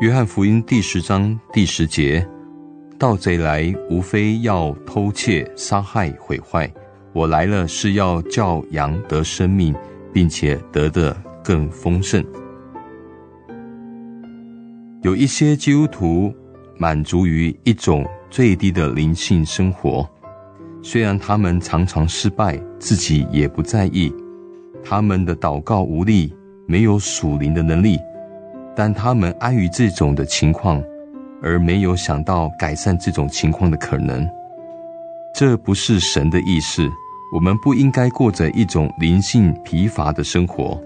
約翰福音第十章第十節：盜賊來，無非要偷竊、殺害、毀壞。我來了，是要叫羊得生命，並且得的更豐盛。有一些基督徒滿足於一種最低的靈性生活，雖然他們常常失敗，自己也不在意。他們的禱告無力，沒有屬靈的能力，但他們安於這種的情況，而沒有想到改善這種情況的可能。這不是神的意思，我們不應該過着一種靈性疲乏的生活，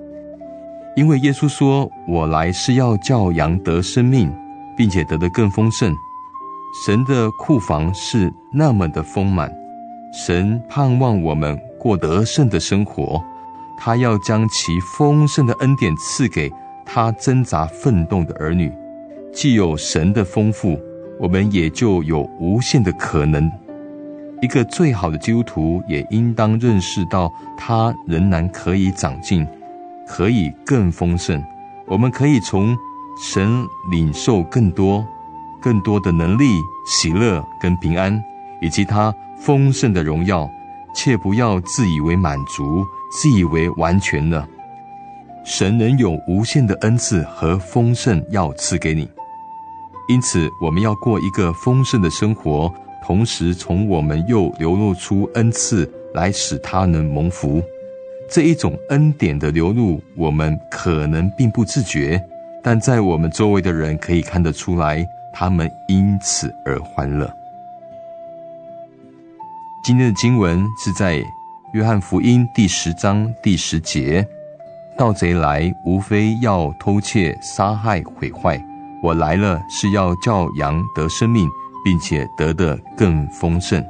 因為耶穌說：“我來是要叫羊得生命，並且得的更豐盛。”神的庫房是那麼的豐滿，神盼望我們過得勝的生活。他要將其豐盛的恩典賜給他掙扎奮鬥的兒女。既有神的豐富，我們也就有無限的可能。一個最好的基督徒也應當認識到，他仍然可以長進，可以更豐盛。我們可以從神領受更多、更多的能力、喜樂跟平安，以及他豐盛的榮耀。切不要自以為滿足、自以為完全了。神能有無限的恩賜和豐盛要賜給你，因此我們要過一個豐盛的生活，同時從我們又流露出恩賜來，使他人蒙福。這一種恩典的流露，我們可能並不自覺，但在我們周圍的人可以看得出來，他們因此而歡樂。今天的經文是在約翰福音第十章第十節：“盜賊來，無非要偷竊、殺害、毀壞。我來了，是要叫羊得生命，並且得的更豐盛。”